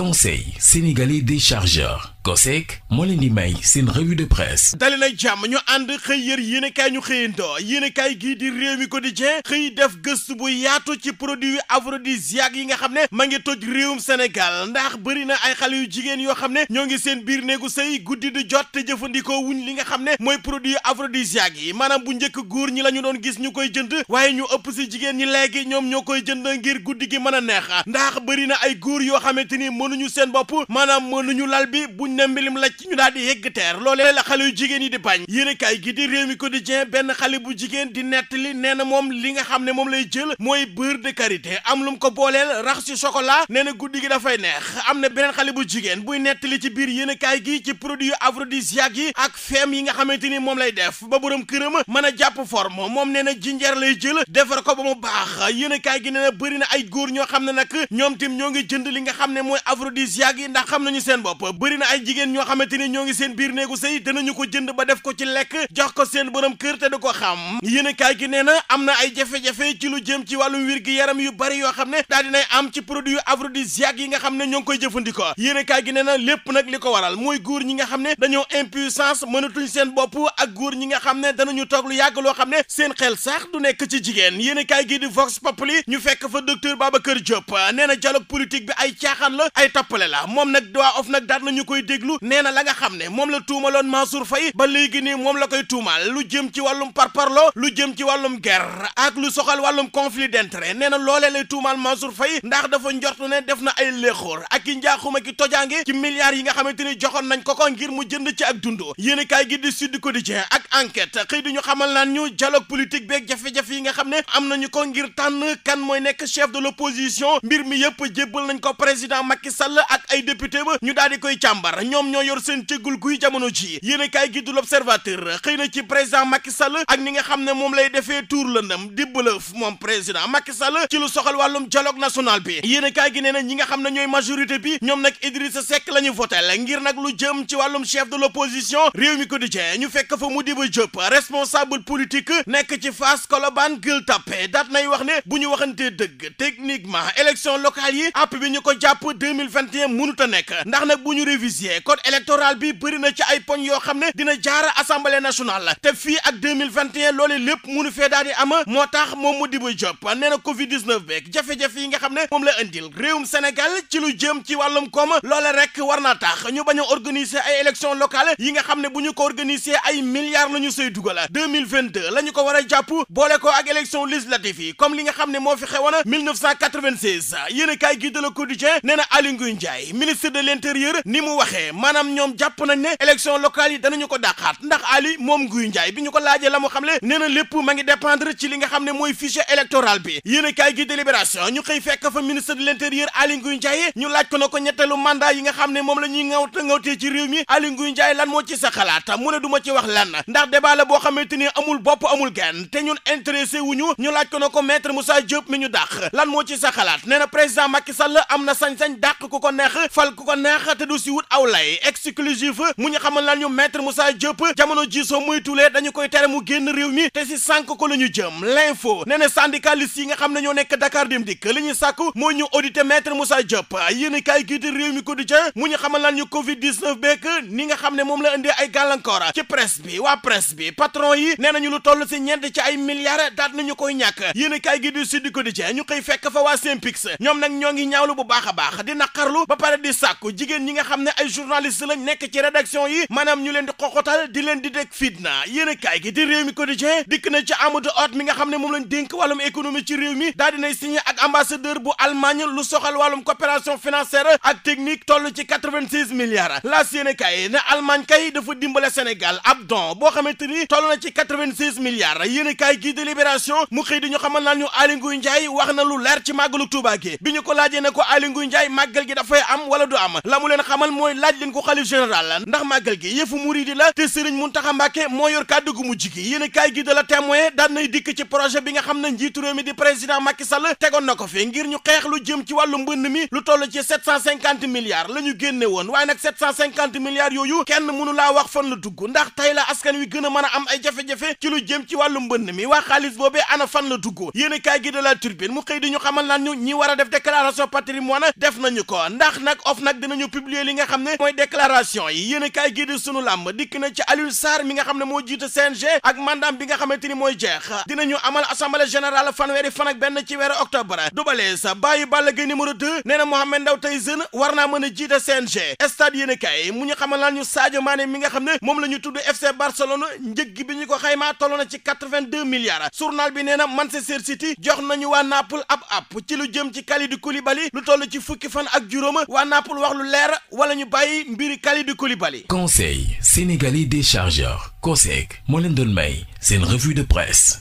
conseil sénégalais des chargeurs COSEC moo leen di may seen revue de presse dali na jàmm ñu ànd xëy yër yéenekaay ñu xëyandoo yéenekaay gii di réew mi quotidien xëy def gëstu bu yaatu ci produit aphrodisiaque yi nga xam ne ma ngi toj réewum Sénégal ndax bëri na ay xale yu jigéen yoo xam ne ñoo ngi seen biir néegu sëy guddi di jot te jëfandikoo wuñ li nga xam ne mooy produit aphrodisiaque yi maanaam bu njëkk góor ñi la ñu doon gis ñu koy jënd waaye ñu ëpp si jigéen ñoom ñoo koy jënd ngir guddi gi mën a neex lu ñu seen bopp maanaam ñu lal bi buñ ne mbilim la ci ñu daal di yegg teer loolee la xale yu jigéen yi di bañ yéenekaay gi di Rewmi Quotidien benn xale bu jigéen di nettali nee na moom li nga xam ne moom lay jël mooy beurre de karité am lu mu ko booleel rax ci chocolat nee na guddi gi dafay neex am na beneen xale bu jigéen buy nettali ci biir yéenekaay gi ci produit aphrodisiaque yi ak feem yi nga xamante ni moom lay def ba borom këram mën a jàpp forme moom nee na jinjeer lay jël defar ko ba mu baax yéenekaay gi na bëri na ay góor ñoo xam ne nag ñoom tim ñoo ngi jënd li nga xam ne mooy aphrodisiaque yi ndax xam nañu seen bopp bëri na ay jigéen ñoo xamante ni ñoo ngi seen biir néegu sëy danañu ko jënd ba def ko ci lekk jox ko seen borom kër te du ko xam yéen kaay gi nee na am na ay jafe-jafe ci lu jëm ci wàllum wér gi yaram yu bari yoo xam ne daal dinay am ci produit aphrodisiaque yi nga xam ne ñoo ngi koy jëfandikoo yéen kaay gi nee na lépp nag li ko waral mooy góor ñi nga xam ne dañoo impuissance mënatuñ seen bopp ak góor ñi nga xam ne danañu toog yàgg loo xam ne seen xel sax du nekk ci jigéen yéen gi di vox populi ñu fekk fa docteur Babacar Diop nee na dialogue politique bi ay caaxaan la ay tappale la moom nag waa OFNAC daal nañu koy déglu nee na la nga xam ne moom la tuumaloon Mansour fay ba léegi nii moom la koy tuumaal lu jëm ci wàllum parparloo lu jëm ci wàllum guerre ak lu soxal wàllum conflit d'intérêt nee na loole lay tuumaal Mansour fay ndax dafa njort ne def na ay léexóor ak i njaaxuma ki tojaange ci milliards yi nga xamante ni joxoon nañ ko ko ngir mu jënd ci ak dund yéen kaay gi di Sud Quotidien ak enquête xëy di ñu xamal naan ñu dialogue politique beeg jafe yi nga xam ne am nañu ko ngir tànn kan mooy nekk chef de l'opposition mbir mi yëpp jébbal nañ ko président Macky Sall ak ay député ba ñu daal di koy càmbar ñoom ñoo yor seen cëggul guy jamono ji yéen gi du l'observateur xëy na ci président Macky Sall ak ni nga xam ne moom lay defee tuur lëndam di bëlëf moom président Macky Sall ci lu soxal wàllum dialogue national bi yéen gi nee na ñi nga xam ne ñooy majorité bi ñoom nag Idrissa Seck la ñu voté ngir nag lu jëm ci wàllum chef de l'opposition réew mi quotidien ñu fekk fa Modibo Diop responsable politique nekk ci Fass Colobane Gueule Tapée ne bu ñu waxantee dëgg techniquement élection locale yi app bi ñu ko 2021 a nekk ndax nag bu ñu réviser code électoral bi bëri ci ay poñ yoo xam ne dina jaar assemblée nationale te fii ak 2021 lépp mënu fee daal am moo tax moom Modibo Diop nee na Covid 19 jafe-jafe yi nga xam ne moom la indil réewum Sénégal ci lu jëm ci wàllum koom loole rek war tax ñu bañ a ay élections locales yi nga xam ne bu ñu ko organiser ay milliards la say dugal la ñu ko war a jàpp boole ko ak élection législative yi Aly Ngouille Ndiaye ministre de l'intérieur ni mu waxee maanaam ñoom jàpp nañ ne élection locale yi danañu ko dàqaat ndax Aly moom Ngouille Ndiaye bi ñu ko laajee la mu xam le nee na ma ngi dépendre ci li nga xam ne mooy fichier électoral bi yéen a gi délibération ñu xëy fekk fa ministre de l'intérieur Aly Ngouille Ndiaye ñu laaj ko na ko ñetteelu mandat yi nga xam ne moom la ŋawta ŋawtee ci réew mi Aly Ngouille Ndiaye lan moo ci sa xalaat mu ne du ci wax lan dàq ku ko neex te du si wut aw lay exclusif mu ñu xamal lan ñu maître Moussa Diop jamono ji soo muy tulee dañu koy tere mu génn réew mi te si sànq ko la ñu jëm l'info nee na syndicaliste yi nga xam ne ñoo nekk Dakar dem dikk li ñu sàkku mooy ñu auditer maître Moussa Diop yéen i kaay gii réew mi quotidien mu ñu xamal lan ñu covid 19 ni nga xam ne moom la indee ay gàllankoor ci presse bi waa presse bi patron yi nee nañu lu toll si ñent ci ay milliards daat nañu koy ñàkk yéen i kaay ñu koy fekk fa waa Synpics ñoom nag ñoo ngi bu baax a baax dina naqarlu ba pare di sàkku jigéen ñi nga xam ne ay journaliste lañ nekk ci rédaction yi maanaam ñu leen di xoxotal di leen di dégg fitna yéen a kaay gi di réew mi quotidien dikk na ci nga xam ne moom lañ dénk wàllum économie ci réew mi daal ak ambassadeur bu Allemagne lu soxal wàllum coopération financière ak technique toll ci quatre-vingt-six milliards laas yéen a kaay ne Allemagne kay dafa dimbale Sénégal ab don boo xamante ni toll na ci quatre-vingt-six milliards yéen a mu xëy di ñu xamal naan ñu Aly Ngouille wax na lu leer ci màggalu Tuubaa gi bi ñu ko ne ko Aly Ngouille Ndiaye màgg màggal gi dafay am wala du am lamu leen xamal mooy laaj leen ko xalif la ndax màggal gi yëfu muridi la te sëriñ Muntaxa Mbàkke moo yor kàddu gu mujj gi yéen a kaay gi de la témoin daan nay dikk ci projet bi nga xam ne njiitu réew mi di président Macky tegoon na ko fi ngir ñu xeex lu jëm ci wàllu mbënn mi lu toll ci 750 milliards la ñu génne woon waaye nag 750 milliards yooyu kenn mënu laa wax fan la dugg ndax tey la askan wi gën a mën a am ay jafe-jafe ci jëm ci wàllu mbënd mi waa xaalis boobee ana fan la dugg yéen a kaay gi mu xëy ñu xamal naan ñu ñi war a def déclaration patrimoine def nañu ko ndax nag OFNAC dinañu publier li nga xam ne mooy déclaration yi yéen a kaay gii sunu làmb dikk na ci Alioune Sarr mi nga xam ne moo jiite CNG ak mandaam bi nga xamante ni mooy jeex dinañu amal assemblée générale fanweeri fan ak benn ci weeru octobre dubalee sa bàyyi Balla Gaye numéro 2 nee na ndaw Ndao Tyson war naa mën a jiite CNG stade yéen a kaay mu ñu xamal laan ñu Sadio Mané mi nga xam ne moom la ñu tudd FC Barcelone njëg bi ñu ko xaymaa toll na ci 82 milliards journal bi nee na Manchester City jox nañu waa Naples ab ab lu jëm ci Kalidou Koulibaly lu toll ci fukki fan ak juróom waa Naples wax lu leer wala ñu bàyyi mbiri Kalidou Koulibaly conseil sénégalais des chargeurs COSEC moo leen doon may seen revue de presse